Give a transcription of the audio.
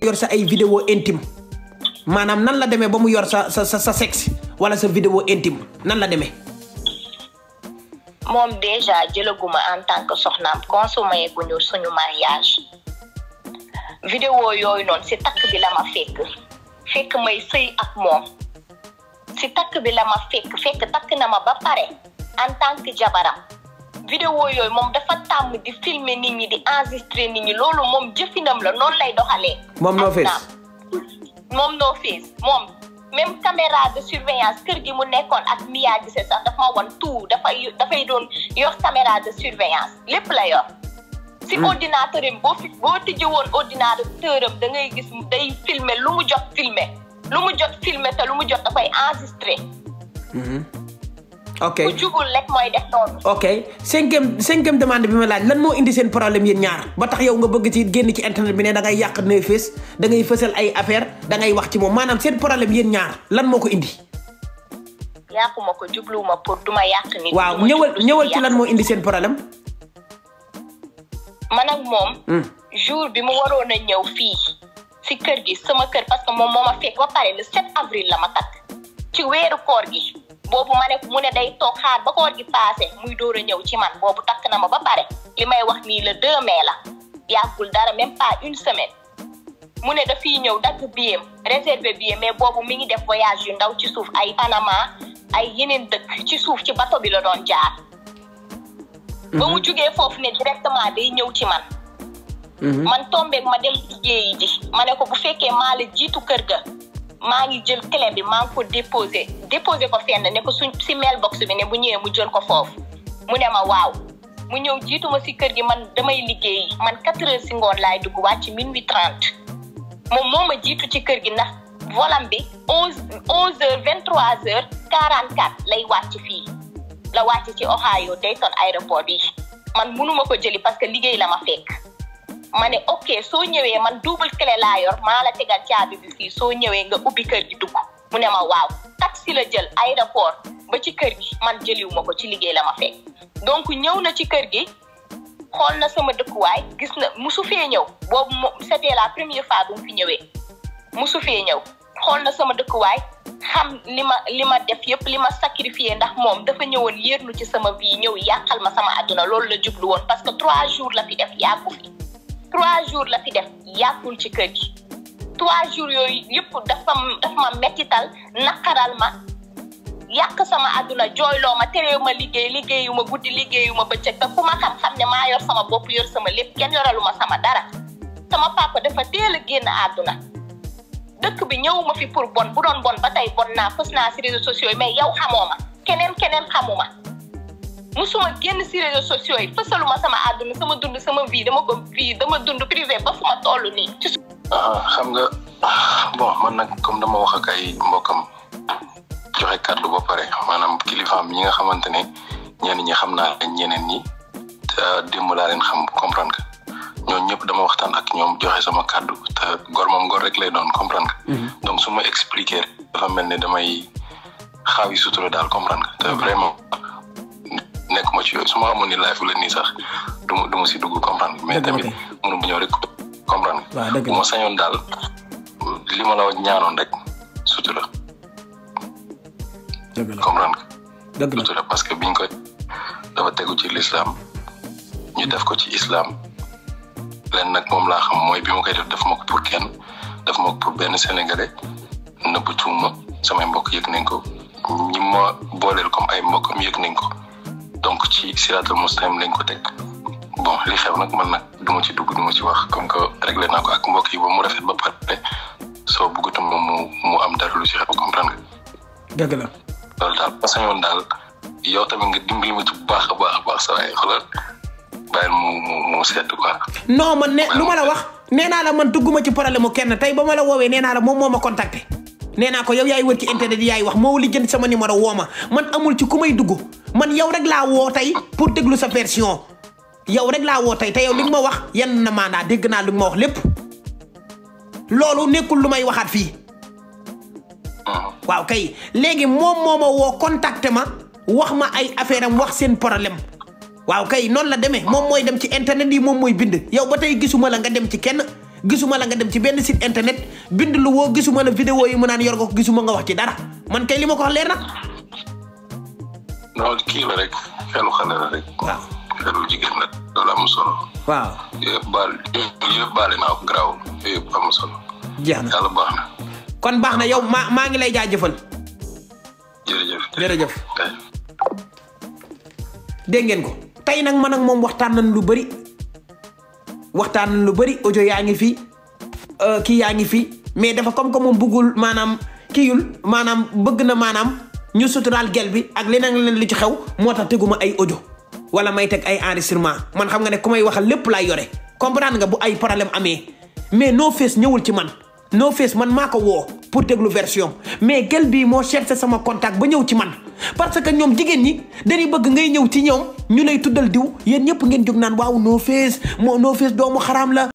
yor sa ay vidéo intime maanaam nan la demee ba mu yor sa sa sa sexe wala sa vidéo intime nan la demee. moom déjà jëlaguma en tant que soxnaam consommé guñu suñu mariage. vidéo yooyu noonu si takk bi la ma fekk fekk may sëy ak moom si takk bi la ma fekk fekk takk na ma ba pare en tant que jabaram. vidéo yooyu moom dafa tàmm di filmer nit ñi di enregistrer nit ñi loolu moom jëfinam la noonu lay doxalee. moom noo fees moom noo fees de surveillance kër gi mu nekkoon ak Mia Guissé sax dafa ma won tout dafay doon yor caméra de surveillance lépp la yor. si hmm. ordinateur am boo fi woon ordinateur am da ngay gis day filmer lu mu jox filmer lu mu jot filmer te lu mu jot dafay enregistrer. Hmm. ok ku jugul rek mooy def noonu. ok cinquième demande bi ma laaj lan moo indi seen problème yéen ñaar ba tax yow nga bëgg ci génn ci internet bi ne da ngay yàq nooy fés da ngay fësal ay affaire da wax ci moom maanaam seen problème yéen ñaar lan moo ko indi. yàquma ko jubluwuma pour duma yàq nit. waaw ñëwal ñëwal ci lan moo indi seen problème. man ak moom. Hmm. jour bi mu waroon ñëw fii si kër gi sama kër parce que moom moo a fekk ba pare le 7 avril la ma takk ci weeru koor boobu ma ne mu ne day toog xaar ba koor gi paase muy door a ñëw ci man boobu takk na ma ba pare li may wax nii le 2 mai la yàggul dara même pas une semaine mu ne dafiy ñëw dagg biyem réserver biyem mais boobu mu ngi def voyage yu ndaw ci suuf ay Panama ay yeneen dëkk ci suuf ci bato bi la doon jaar. Mhm. ba mu jugee foofu ne directement day ñëw ci man. Mhm. man tombeek ma dem liggéeyi ji ma ne ko bu fekkee maa la jiitu kër ga. maa ngi jël clé bi maa ngi ko déposé déposé ko fenn ne ko su si mailbox bi ne bu ñëwee mu jël ko foofu mu ne ma waaw mu ñëw jiituma ma si kër gi man damay liggéey man quatre heures si ngoon laay dugg wàcc minuit trent moom moom ma jiitu ci kër gi ndax volant bi onze onze heures vingt trois heures quarante quatre lay wàcc fii la wàcc ci Ohio Dayton aéroport yi man mënuma ko jëli parce que liggéey la ma fekk ma ne ok soo ñëwee man double clé laa yor maa la tegal caabi bi fii soo ñëwee nga ubbi kër gi dugg mu ne ma waaw si la jël aéroport ba ci kër gi man jëliw ma ko ci liggéey la ma fekk donc ñëw na ci kër gi xool na sama dëkkuwaay gis na musu fee ñëw boobu moom c'était la première fois bu mu fi ñëwee musu fee ñëw xool na sama dëkkuwaay xam li ma li ma def yëpp li ma sacrifié ndax moom dafa ñëwoon yéerlu ci sama vie ñëw yàqal ma sama àdduna loolu la jublu woon parce que trois jours la fi def yàggu fi trois jours la fi def yàggul ci kër gi trois jours yooyu yëpp dafa dafa ma mettital naqaral ma yàq sama àdduna jooyloo ma teree ma liggéey liggéeyu ma guddi liggéeyu ma bëccëg te ku ma xam-xam ne maa yor sama bopp yor sama lépp kenn yoralu ma sama dara sama papa dafa teel a génn àdduna dëkk bi ñëwuma fi pour bon bu doon bon ba tey bon naa fës naa si réseaux sociaux yi mais yow xamoo ma keneen keneen xamuma mu suma génn si réseaux sociaux yi ma sama àdduna sama dund sama vie dama ko vie dama dund privé ba fu ma toll nii ci xam nga bon man nag comme dama wax ak ay mbokam joxe kàddu ba pare maanaam kilifaam ñi nga xamante ne ñenn ñi xam naa leen ñeneen ñi démb laa leen xam comprendre nga ñoom ñëpp dama waxtaan ak ñoom joxe sama kàddu te gor moom gor rek lay doon comprendre nga donc su ma expliqué dafa mel ne damay xaawi sutura daal comprendre nga vraiment nekk ma ci yooyu su ma xamoon ni nii sax du ma si dugg comprendre mais tamit mënu ma ñëw rek comprendre bu ma sañoon daal li ma la ñaanoon rek sutura comprendre dëgg la sutura parce que biñ koy dafa tegu ci lislaam ñu def ko ci islaam leen nag moom laa xam mooy bi ma koy def def ma ko pour kenn def ma pour benn sénégalais nëbb tuuma samay mbokk yëg nañ ko ñi ma comme ay mbokkam yëg nañ ko donc ci siraatal mustaqim lañ ko teg bon li xew nag man nag du ma ci dugg du ma ci wax comme que réglé naa ko ak mbokk yi ba mu rafet ba pare soo bëggatuma mu mu am dara lu ci xew comprendre nga. dëgg la. loolu daal parce que ñoom daal yow tamit nga dimbali ma ci bu baax a baax a baax saa yi xoolal bàyyi mu mu mu seet quoi. non man ne lu ma la wax nee naa la man dugguma ci problème mu kenn tey ba ma la woowee nee naa la moom moo ma contacté. nee naa ko yow yaay wër ci internet yi yaay wax moo li jënd sama numéro woo ma man amul ci ku may dugg man yow rek laa woo tey pour déglu sa version yow rek laa woo tey te yow li nga ma wax yan na maanaa dégg naa li nga ma wax lépp loolu nekkul lu may waxaat fii waaw kay léegi moom moo ma woo contacté ma wax ma ay affaire am wax seen problème waaw kay noonu la demee moom mooy dem ci internet yi moom mooy bind yow ba tey gisuma la nga dem ci kenn gisuma la nga dem ci benn site internet bind lu wo gisuma na video yi mu nan yor ko gisuma nga wax ci dara man kay limako wax leer na non ki la rek xelu xale la rek waaw xelu do la am solo waaw ye bal, ye bal, na ko graw yëpp am solo jeexna yalla baxna kon baxna yow ma ma ngi lay jaajëfal jërëjëf jërëjëf dégg ngeen ko tay nak man ak mom waxtan nañ lu bëri waxtaan lu bari audio yaangi fi euh ki yaangi fi mais dafa comme comme bugul manam kiyul manam bëgg na manam ñu sutural gel bi ak leneen leen li ci xew motax teguma ay audio wala may tek ay enregistrement man xam nga ne kumay waxal lepp la yoré comprendre nga bu ay problème amé mais No Face ñewul ci man No Face man mako wo pour déglu version mais gel bi mo chercher sama contact ba ñew ci man parce que ñom jigen ñi dañuy bëgg ngay ñew ci ñom ñu lay tuddal diw yeen ñëpp ngeen jog naan waaw No Face mo No Face doomu kharam la